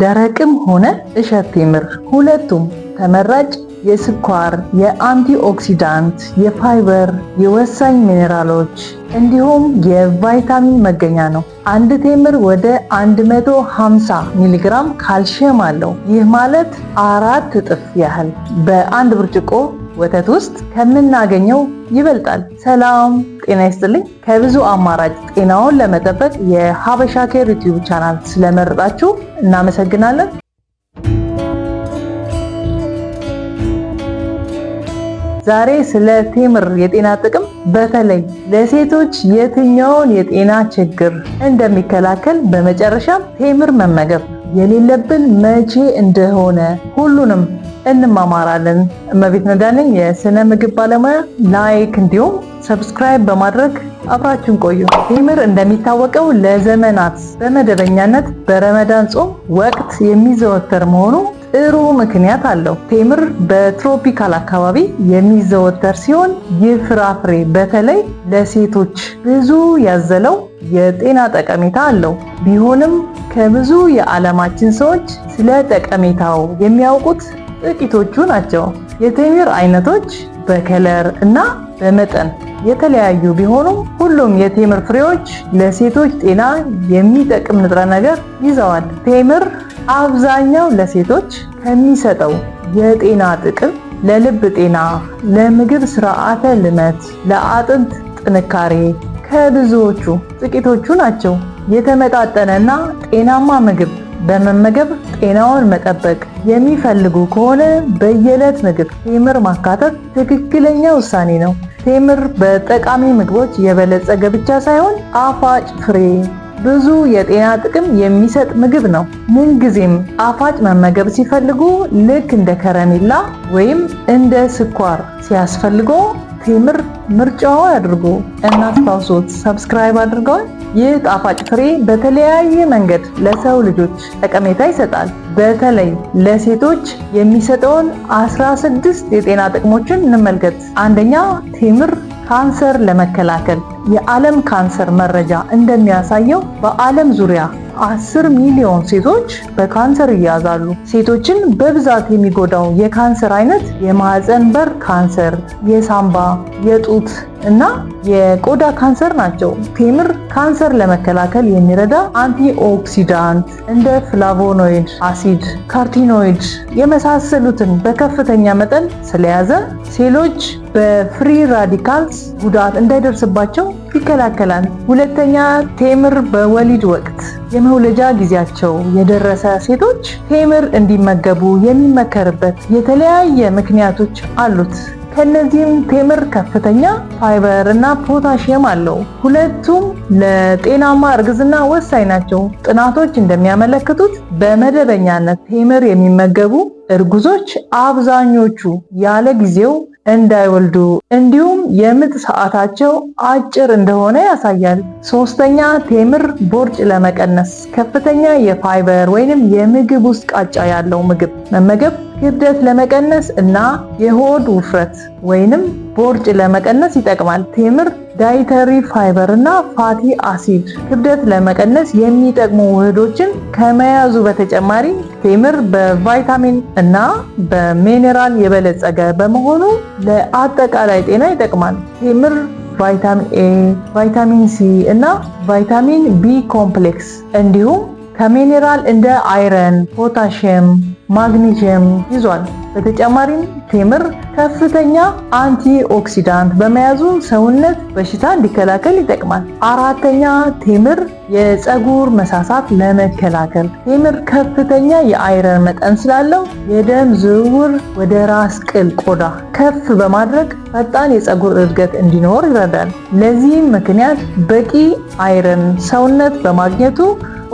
ደረቅም ሆነ እሸት ቴምር ሁለቱም ተመራጭ የስኳር፣ የአንቲኦክሲዳንት፣ የፋይበር፣ የወሳኝ ሚኔራሎች እንዲሁም የቫይታሚን መገኛ ነው። አንድ ቴምር ወደ 150 ሚሊግራም ካልሽየም አለው። ይህ ማለት አራት እጥፍ ያህል በአንድ ብርጭቆ ወተት ውስጥ ከምናገኘው ይበልጣል። ሰላም ጤና ይስጥልኝ። ከብዙ አማራጭ ጤናውን ለመጠበቅ የሀበሻ ኬር ዩቲዩብ ቻናል ስለመረጣችሁ እናመሰግናለን። ዛሬ ስለ ቴምር የጤና ጥቅም በተለይ ለሴቶች የትኛውን የጤና ችግር እንደሚከላከል በመጨረሻም ቴምር መመገብ የሌለብን መቼ እንደሆነ ሁሉንም እንማማራለን። እመቤት ነዳለኝ የስነ ምግብ ባለሙያ። ላይክ እንዲሁም ሰብስክራይብ በማድረግ አብራችን ቆዩ። ቴምር እንደሚታወቀው ለዘመናት በመደበኛነት በረመዳን ጾም ወቅት የሚዘወተር መሆኑ ጥሩ ምክንያት አለው። ቴምር በትሮፒካል አካባቢ የሚዘወተር ሲሆን ይህ ፍራፍሬ በተለይ ለሴቶች ብዙ ያዘለው የጤና ጠቀሜታ አለው። ቢሆንም ከብዙ የዓለማችን ሰዎች ስለ ጠቀሜታው የሚያውቁት ጥቂቶቹ ናቸው። የቴምር አይነቶች በከለር እና በመጠን የተለያዩ ቢሆኑም ሁሉም የቴምር ፍሬዎች ለሴቶች ጤና የሚጠቅም ንጥረ ነገር ይዘዋል። ቴምር አብዛኛው ለሴቶች ከሚሰጠው የጤና ጥቅም ለልብ ጤና፣ ለምግብ ስርዓተ ልመት፣ ለአጥንት ጥንካሬ ከብዙዎቹ ጥቂቶቹ ናቸው። የተመጣጠነና ጤናማ ምግብ በመመገብ ጤናውን መጠበቅ የሚፈልጉ ከሆነ በየዕለት ምግብ ቴምር ማካተት ትክክለኛ ውሳኔ ነው። ቴምር በጠቃሚ ምግቦች የበለጸገ ብቻ ሳይሆን ጣፋጭ ፍሬ፣ ብዙ የጤና ጥቅም የሚሰጥ ምግብ ነው። ምንጊዜም ጣፋጭ መመገብ ሲፈልጉ ልክ እንደ ከረሜላ ወይም እንደ ስኳር ሲያስፈልጎ የምር ምርጫው ያድርጉ እና አስታውሱት፣ ሰብስክራይብ አድርገዋል። ይህ ጣፋጭ ፍሬ በተለያየ መንገድ ለሰው ልጆች ጠቀሜታ ይሰጣል። በተለይ ለሴቶች የሚሰጠውን 16 የጤና ጥቅሞችን እንመልከት። አንደኛ ቴምር ካንሰር ለመከላከል የዓለም ካንሰር መረጃ እንደሚያሳየው በዓለም ዙሪያ 10 ሚሊዮን ሴቶች በካንሰር ይያዛሉ። ሴቶችን በብዛት የሚጎዳው የካንሰር አይነት የማህፀን በር ካንሰር፣ የሳምባ፣ የጡት እና የቆዳ ካንሰር ናቸው። ቴምር ካንሰር ለመከላከል የሚረዳ አንቲኦክሲዳንት እንደ ፍላቮኖይድ አሲድ፣ ካርቲኖይድ የመሳሰሉትን በከፍተኛ መጠን ስለያዘ ሴሎች በፍሪ ራዲካልስ ጉዳት እንዳይደርስባቸው ይከላከላል። ሁለተኛ ቴምር በወሊድ ወቅት የመውለጃ ጊዜያቸው የደረሰ ሴቶች ቴምር እንዲመገቡ የሚመከርበት የተለያየ ምክንያቶች አሉት። ከእነዚህም ቴምር ከፍተኛ ፋይበር እና ፖታሽየም አለው። ሁለቱም ለጤናማ እርግዝና ወሳኝ ናቸው። ጥናቶች እንደሚያመለክቱት በመደበኛነት ቴምር የሚመገቡ እርጉዞች አብዛኞቹ ያለ ጊዜው እንዳይወልዱ እንዲሁም የምጥ ሰዓታቸው አጭር እንደሆነ ያሳያል። ሶስተኛ ቴምር ቦርጭ ለመቀነስ ከፍተኛ የፋይበር ወይንም የምግብ ውስጥ ቃጫ ያለው ምግብ መመገብ ክብደት ለመቀነስ እና የሆድ ውፍረት ወይንም ቦርጭ ለመቀነስ ይጠቅማል። ቴምር ዳይተሪ ፋይበር እና ፋቲ አሲድ ክብደት ለመቀነስ የሚጠቅሙ ውህዶችን ከመያዙ በተጨማሪ ቴምር በቫይታሚን እና በሚኔራል የበለጸገ በመሆኑ ለአጠቃላይ ጤና ይጠቅማል። ቴምር ቫይታሚን ኤ፣ ቫይታሚን ሲ እና ቫይታሚን ቢ ኮምፕሌክስ እንዲሁም ከሚኔራል እንደ አይረን፣ ፖታሽየም፣ ማግኒዥየም ይዟል። በተጨማሪም ቴምር ከፍተኛ አንቲ ኦክሲዳንት በመያዙ ሰውነት በሽታ እንዲከላከል ይጠቅማል። አራተኛ ቴምር የፀጉር መሳሳት ለመከላከል ቴምር ከፍተኛ የአይረን መጠን ስላለው የደም ዝውውር ወደ ራስ ቅል ቆዳ ከፍ በማድረግ ፈጣን የፀጉር እድገት እንዲኖር ይረዳል። ለዚህም ምክንያት በቂ አይረን ሰውነት በማግኘቱ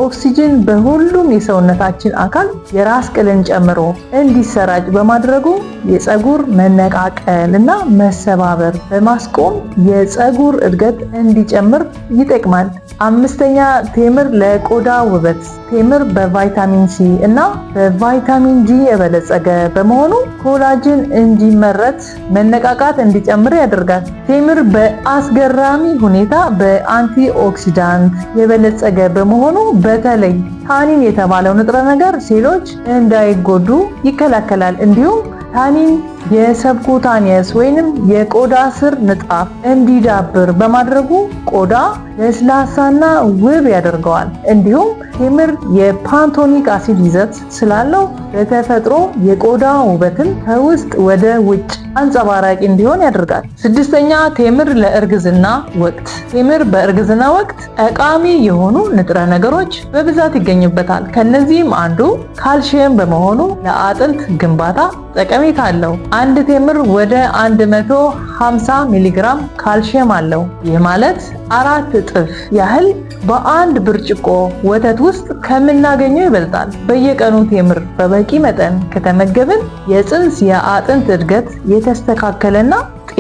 ኦክሲጅን በሁሉም የሰውነታችን አካል የራስ ቅልን ጨምሮ እንዲሰራጭ በማድረጉ የፀጉር መነቃቀል እና መሰባበር በማስቆም የፀጉር እድገት እንዲጨምር ይጠቅማል። አምስተኛ ቴምር ለቆዳ ውበት ቴምር በቫይታሚን ሲ እና በቫይታሚን ጂ የበለጸገ በመሆኑ ኮላጅን እንዲመረት መነቃቃት እንዲጨምር ያደርጋል። ቴምር በአስገራሚ ሁኔታ በአንቲ ኦክሲዳንት የበለጸገ በመሆኑ በተለይ ታኒን የተባለው ንጥረ ነገር ሴሎች እንዳይጎዱ ይከላከላል። እንዲሁም ታኒን የሰብኩታኒየስ ወይንም የቆዳ ስር ንጣፍ እንዲዳብር በማድረጉ ቆዳ ለስላሳና ውብ ያደርገዋል። እንዲሁም ቴምር የፓንቶኒክ አሲድ ይዘት ስላለው በተፈጥሮ የቆዳ ውበትን ከውስጥ ወደ ውጭ አንጸባራቂ እንዲሆን ያደርጋል። ስድስተኛ ቴምር ለእርግዝና ወቅት። ቴምር በእርግዝና ወቅት ጠቃሚ የሆኑ ንጥረ ነገሮች በብዛት ይገኙበታል። ከነዚህም አንዱ ካልሽየም በመሆኑ ለአጥንት ግንባታ ጠቀሜታ አለው። አንድ ቴምር ወደ 150 ሚሊግራም ካልሽየም አለው። ይህ ማለት አራት እጥፍ ያህል በአንድ ብርጭቆ ወተት ውስጥ ከምናገኘው ይበልጣል። በየቀኑ ቴምር በበቂ መጠን ከተመገብን የፅንስ የአጥንት እድገት የተስተካከለና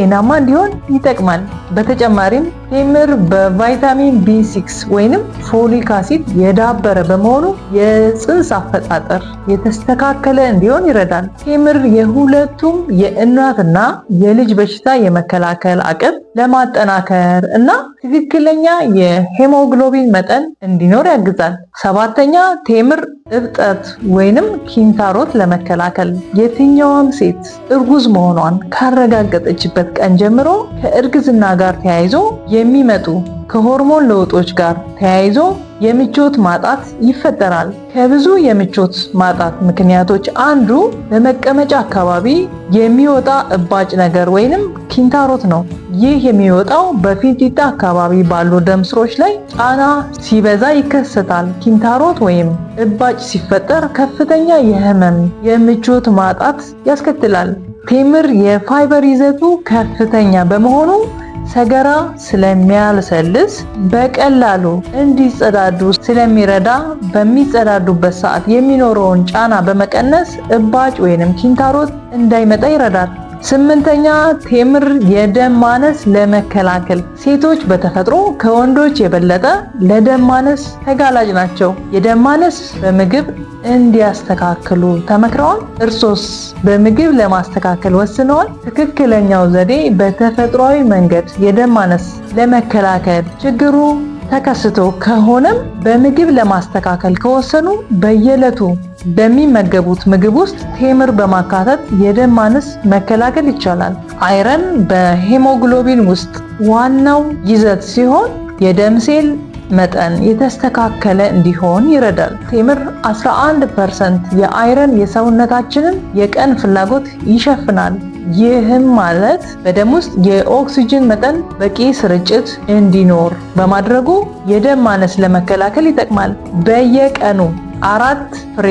ጤናማ እንዲሆን ይጠቅማል። በተጨማሪም ቴምር በቫይታሚን ቢ6 ወይንም ፎሊክ አሲድ የዳበረ በመሆኑ የፅንስ አፈጣጠር የተስተካከለ እንዲሆን ይረዳል። ቴምር የሁለቱም የእናትና የልጅ በሽታ የመከላከል አቅም ለማጠናከር እና ትክክለኛ የሄሞግሎቢን መጠን እንዲኖር ያግዛል። ሰባተኛ ቴምር እብጠት ወይንም ኪንታሮት ለመከላከል የትኛውም ሴት እርጉዝ መሆኗን ካረጋገጠችበት ቀን ጀምሮ ከእርግዝና ጋር ተያይዞ የሚመጡ ከሆርሞን ለውጦች ጋር ተያይዞ የምቾት ማጣት ይፈጠራል። ከብዙ የምቾት ማጣት ምክንያቶች አንዱ በመቀመጫ አካባቢ የሚወጣ እባጭ ነገር ወይንም ኪንታሮት ነው። ይህ የሚወጣው በፊንጢጣ አካባቢ ባሉ ደም ስሮች ላይ ጫና ሲበዛ ይከሰታል። ኪንታሮት ወይም እባጭ ሲፈጠር ከፍተኛ የህመም፣ የምቾት ማጣት ያስከትላል። ቴምር የፋይበር ይዘቱ ከፍተኛ በመሆኑ ሰገራ ስለሚያለሰልስ በቀላሉ እንዲጸዳዱ ስለሚረዳ በሚጸዳዱበት ሰዓት የሚኖረውን ጫና በመቀነስ እባጭ ወይንም ኪንታሮት እንዳይመጣ ይረዳል። ስምንተኛ ቴምር የደም ማነስ ለመከላከል ሴቶች በተፈጥሮ ከወንዶች የበለጠ ለደም ማነስ ተጋላጭ ናቸው። የደም ማነስ በምግብ እንዲያስተካክሉ ተመክረዋል። እርሶስ በምግብ ለማስተካከል ወስነዋል? ትክክለኛው ዘዴ በተፈጥሯዊ መንገድ የደም ማነስ ለመከላከል ችግሩ ተከስቶ ከሆነም በምግብ ለማስተካከል ከወሰኑ በየዕለቱ በሚመገቡት ምግብ ውስጥ ቴምር በማካተት የደም ማነስ መከላከል ይቻላል። አይረን በሄሞግሎቢን ውስጥ ዋናው ይዘት ሲሆን የደም ሴል መጠን የተስተካከለ እንዲሆን ይረዳል። ቴምር 11 ፐርሰንት የአይረን የሰውነታችንን የቀን ፍላጎት ይሸፍናል። ይህም ማለት በደም ውስጥ የኦክሲጅን መጠን በቂ ስርጭት እንዲኖር በማድረጉ የደም ማነስ ለመከላከል ይጠቅማል። በየቀኑ አራት ፍሬ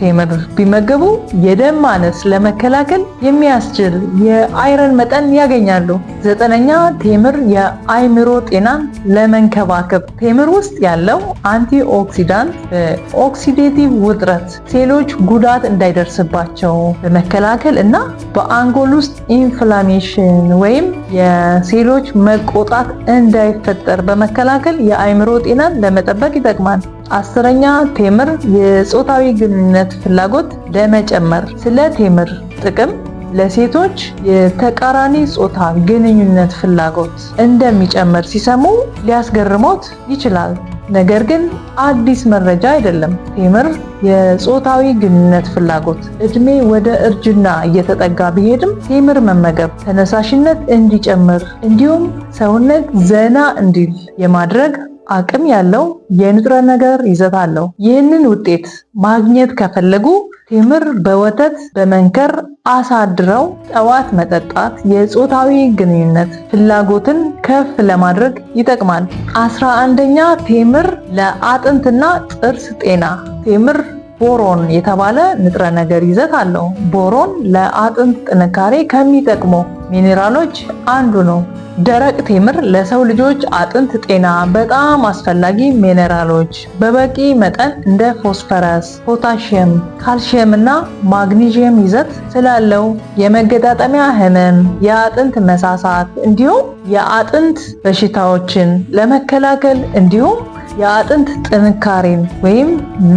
ቴምር ቢመገቡ የደም ማነስ ለመከላከል የሚያስችል የአይረን መጠን ያገኛሉ። ዘጠነኛ ቴምር የአይምሮ ጤናን ለመንከባከብ ቴምር ውስጥ ያለው አንቲ ኦክሲዳንት በኦክሲዴቲቭ ውጥረት ሴሎች ጉዳት እንዳይደርስባቸው በመከላከል እና በአንጎል ውስጥ ኢንፍላሜሽን ወይም የሴሎች መቆጣት እንዳይፈጠር በመከላከል የአይምሮ ጤናን ለመጠበቅ ይጠቅማል። አስረኛ ቴምር የጾታዊ ግንኙነት ፍላጎት ለመጨመር። ስለ ቴምር ጥቅም ለሴቶች የተቃራኒ ጾታ ግንኙነት ፍላጎት እንደሚጨምር ሲሰሙ ሊያስገርሞት ይችላል። ነገር ግን አዲስ መረጃ አይደለም። ቴምር የጾታዊ ግንኙነት ፍላጎት እድሜ ወደ እርጅና እየተጠጋ ቢሄድም ቴምር መመገብ ተነሳሽነት እንዲጨምር እንዲሁም ሰውነት ዘና እንዲል የማድረግ አቅም ያለው የንጥረ ነገር ይዘት አለው። ይህንን ውጤት ማግኘት ከፈለጉ ቴምር በወተት በመንከር አሳድረው ጠዋት መጠጣት የጾታዊ ግንኙነት ፍላጎትን ከፍ ለማድረግ ይጠቅማል። አስራ አንደኛ ቴምር ለአጥንትና ጥርስ ጤና ቴምር ቦሮን የተባለ ንጥረ ነገር ይዘት አለው። ቦሮን ለአጥንት ጥንካሬ ከሚጠቅሙ ሚኔራሎች አንዱ ነው። ደረቅ ቴምር ለሰው ልጆች አጥንት ጤና በጣም አስፈላጊ ሚነራሎች በበቂ መጠን እንደ ፎስፈረስ፣ ፖታሽየም፣ ካልሽየም እና ማግኒዥየም ይዘት ስላለው የመገጣጠሚያ ህመም፣ የአጥንት መሳሳት እንዲሁም የአጥንት በሽታዎችን ለመከላከል እንዲሁም የአጥንት ጥንካሬን ወይም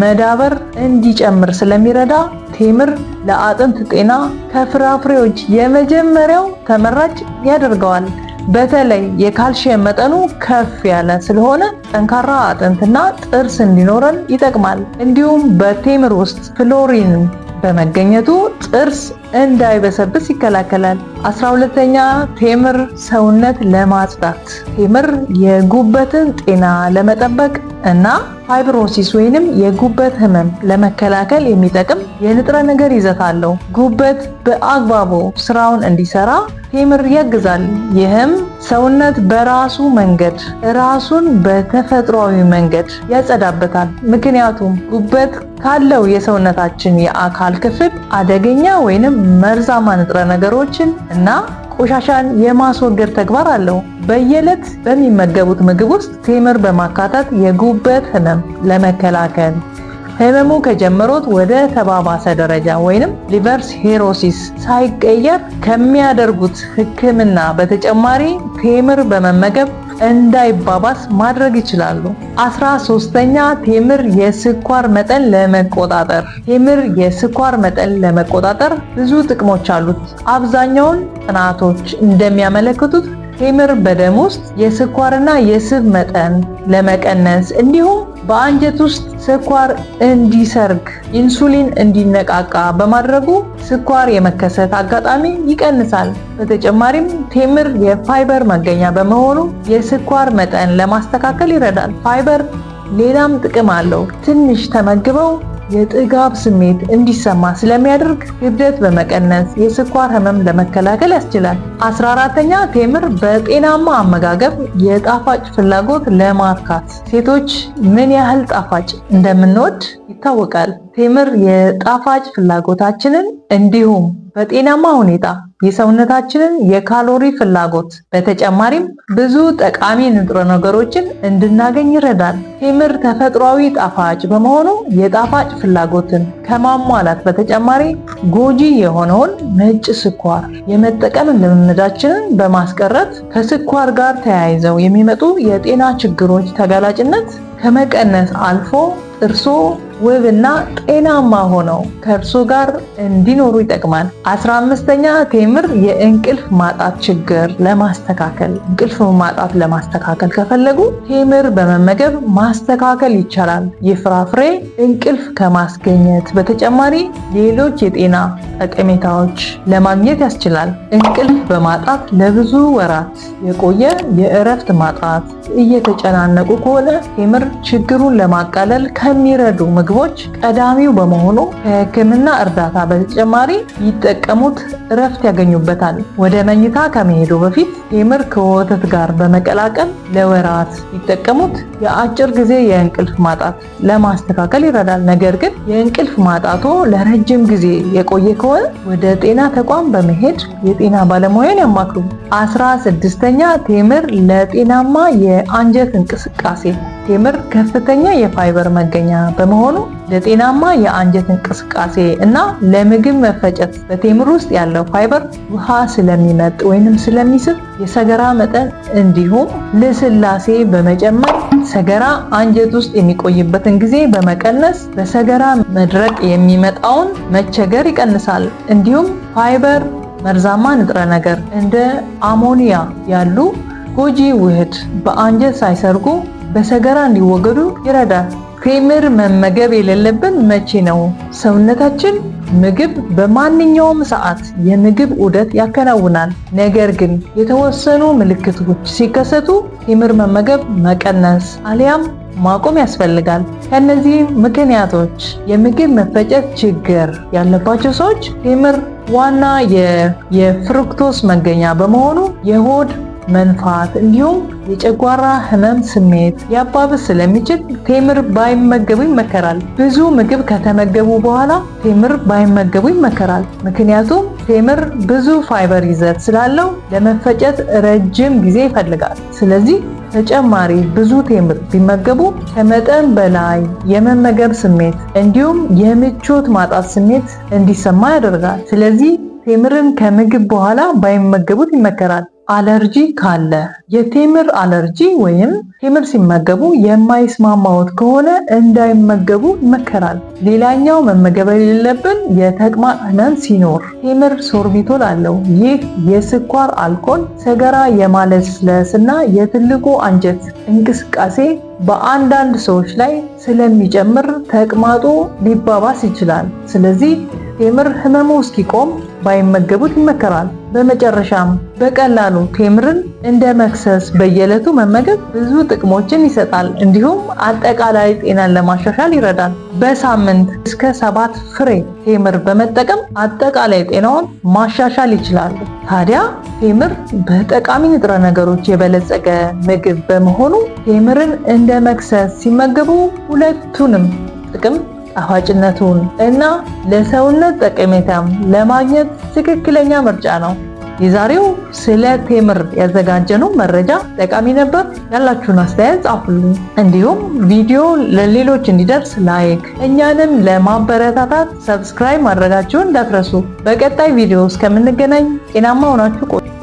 መዳበር እንዲጨምር ስለሚረዳ ቴምር ለአጥንት ጤና ከፍራፍሬዎች የመጀመሪያው ተመራጭ ያደርገዋል። በተለይ የካልሽየም መጠኑ ከፍ ያለ ስለሆነ ጠንካራ አጥንትና ጥርስ እንዲኖረን ይጠቅማል። እንዲሁም በቴምር ውስጥ ፍሎሪን በመገኘቱ ጥርስ እንዳይበሰብስ ይከላከላል። አስራ ሁለተኛ ቴምር ሰውነት ለማጽዳት ቴምር የጉበትን ጤና ለመጠበቅ እና ፋይብሮሲስ ወይንም የጉበት ህመም ለመከላከል የሚጠቅም የንጥረ ነገር ይዘት አለው። ጉበት በአግባቡ ስራውን እንዲሰራ ቴምር ያግዛል። ይህም ሰውነት በራሱ መንገድ ራሱን በተፈጥሯዊ መንገድ ያጸዳበታል። ምክንያቱም ጉበት ካለው የሰውነታችን የአካል ክፍል አደገኛ ወይንም መርዛማ ንጥረ ነገሮችን እና ቆሻሻን የማስወገድ ተግባር አለው። በየዕለት በሚመገቡት ምግብ ውስጥ ቴምር በማካተት የጉበት ህመም ለመከላከል ህመሙ ከጀመሮት ወደ ተባባሰ ደረጃ ወይንም ሊቨርስ ሄሮሲስ ሳይቀየር ከሚያደርጉት ህክምና በተጨማሪ ቴምር በመመገብ እንዳይባባስ ማድረግ ይችላሉ። አስራ ሶስተኛ ቴምር የስኳር መጠን ለመቆጣጠር ቴምር የስኳር መጠን ለመቆጣጠር ብዙ ጥቅሞች አሉት። አብዛኛውን ጥናቶች እንደሚያመለክቱት ቴምር በደም ውስጥ የስኳርና የስብ መጠን ለመቀነስ እንዲሁም በአንጀት ውስጥ ስኳር እንዲሰርግ ኢንሱሊን እንዲነቃቃ በማድረጉ ስኳር የመከሰት አጋጣሚ ይቀንሳል። በተጨማሪም ቴምር የፋይበር መገኛ በመሆኑ የስኳር መጠን ለማስተካከል ይረዳል። ፋይበር ሌላም ጥቅም አለው። ትንሽ ተመግበው የጥጋብ ስሜት እንዲሰማ ስለሚያደርግ ክብደት በመቀነስ የስኳር ህመም ለመከላከል ያስችላል። 14ተኛ ቴምር በጤናማ አመጋገብ የጣፋጭ ፍላጎት ለማርካት ሴቶች ምን ያህል ጣፋጭ እንደምንወድ ይታወቃል። ቴምር የጣፋጭ ፍላጎታችንን እንዲሁም በጤናማ ሁኔታ የሰውነታችንን የካሎሪ ፍላጎት በተጨማሪም ብዙ ጠቃሚ ንጥረ ነገሮችን እንድናገኝ ይረዳል። ቴምር ተፈጥሯዊ ጣፋጭ በመሆኑ የጣፋጭ ፍላጎትን ከማሟላት በተጨማሪ ጎጂ የሆነውን ነጭ ስኳር የመጠቀም ልምምዳችንን በማስቀረት ከስኳር ጋር ተያይዘው የሚመጡ የጤና ችግሮች ተጋላጭነት ከመቀነስ አልፎ ጥርሶ ውብና ጤናማ ሆነው ከእርሱ ጋር እንዲኖሩ ይጠቅማል። አስራ አምስተኛ ቴምር የእንቅልፍ ማጣት ችግር ለማስተካከል እንቅልፍ ማጣት ለማስተካከል ከፈለጉ ቴምር በመመገብ ማስተካከል ይቻላል። ይህ ፍራፍሬ እንቅልፍ ከማስገኘት በተጨማሪ ሌሎች የጤና ጠቀሜታዎች ለማግኘት ያስችላል። እንቅልፍ በማጣት ለብዙ ወራት የቆየ የእረፍት ማጣት እየተጨናነቁ ከሆነ ቴምር ችግሩን ለማቃለል ከሚረዱ ምግቦች ቀዳሚው በመሆኑ ከህክምና እርዳታ በተጨማሪ ይጠቀሙት እረፍት ያገኙበታል። ወደ መኝታ ከመሄዱ በፊት ቴምር ከወተት ጋር በመቀላቀል ለወራት ይጠቀሙት የአጭር ጊዜ የእንቅልፍ ማጣት ለማስተካከል ይረዳል። ነገር ግን የእንቅልፍ ማጣቶ ለረጅም ጊዜ የቆየ ከሆነ ወደ ጤና ተቋም በመሄድ የጤና ባለሙያን ያማክሩ። አስራ ስድስተኛ ቴምር ለጤናማ የአንጀት እንቅስቃሴ ቴምር ከፍተኛ የፋይበር መገኛ በመሆኑ ለጤናማ የአንጀት እንቅስቃሴ እና ለምግብ መፈጨት በቴምር ውስጥ ያለው ፋይበር ውሃ ስለሚመጥ ወይንም ስለሚስብ የሰገራ መጠን እንዲሁም ልስላሴ በመጨመር ሰገራ አንጀት ውስጥ የሚቆይበትን ጊዜ በመቀነስ በሰገራ መድረቅ የሚመጣውን መቸገር ይቀንሳል። እንዲሁም ፋይበር መርዛማ ንጥረ ነገር እንደ አሞኒያ ያሉ ጎጂ ውህድ በአንጀት ሳይሰርጉ በሰገራ እንዲወገዱ ይረዳል። ቴምር መመገብ የሌለብን መቼ ነው? ሰውነታችን ምግብ በማንኛውም ሰዓት የምግብ ዑደት ያከናውናል። ነገር ግን የተወሰኑ ምልክቶች ሲከሰቱ ቴምር መመገብ መቀነስ አሊያም ማቆም ያስፈልጋል። ከነዚህ ምክንያቶች የምግብ መፈጨት ችግር ያለባቸው ሰዎች ቴምር ዋና የፍሩክቶስ መገኛ በመሆኑ የሆድ መንፋት እንዲሁም የጨጓራ ህመም ስሜት ሊያባብስ ስለሚችል ቴምር ባይመገቡ ይመከራል። ብዙ ምግብ ከተመገቡ በኋላ ቴምር ባይመገቡ ይመከራል። ምክንያቱም ቴምር ብዙ ፋይበር ይዘት ስላለው ለመፈጨት ረጅም ጊዜ ይፈልጋል። ስለዚህ ተጨማሪ ብዙ ቴምር ቢመገቡ ከመጠን በላይ የመመገብ ስሜት እንዲሁም የምቾት ማጣት ስሜት እንዲሰማ ያደርጋል። ስለዚህ ቴምርን ከምግብ በኋላ ባይመገቡት ይመከራል። አለርጂ ካለ የቴምር አለርጂ ወይም ቴምር ሲመገቡ የማይስማማዎት ከሆነ እንዳይመገቡ ይመከራል። ሌላኛው መመገብ የሌለብን የተቅማጥ ህመም ሲኖር ቴምር ሶርቢቶል አለው። ይህ የስኳር አልኮል ሰገራ የማለስለስ እና የትልቁ አንጀት እንቅስቃሴ በአንዳንድ ሰዎች ላይ ስለሚጨምር ተቅማጡ ሊባባስ ይችላል። ስለዚህ ቴምር ህመሙ እስኪቆም ባይመገቡት ይመከራል። በመጨረሻም በቀላሉ ቴምርን እንደ መክሰስ በየዕለቱ መመገብ ብዙ ጥቅሞችን ይሰጣል፣ እንዲሁም አጠቃላይ ጤናን ለማሻሻል ይረዳል። በሳምንት እስከ ሰባት ፍሬ ቴምር በመጠቀም አጠቃላይ ጤናውን ማሻሻል ይችላል። ታዲያ ቴምር በጠቃሚ ንጥረ ነገሮች የበለጸገ ምግብ በመሆኑ ቴምርን እንደ መክሰስ ሲመገቡ ሁለቱንም ጥቅም ጣፋጭነቱን እና ለሰውነት ጠቀሜታም ለማግኘት ትክክለኛ ምርጫ ነው። የዛሬው ስለ ቴምር ያዘጋጀነው መረጃ ጠቃሚ ነበር። ያላችሁን አስተያየት ጻፉልን። እንዲሁም ቪዲዮ ለሌሎች እንዲደርስ ላይክ፣ እኛንም ለማበረታታት ሰብስክራይብ ማድረጋችሁን እንዳትረሱ። በቀጣይ ቪዲዮ እስከምንገናኝ ጤናማ ሆናችሁ ቆዩ።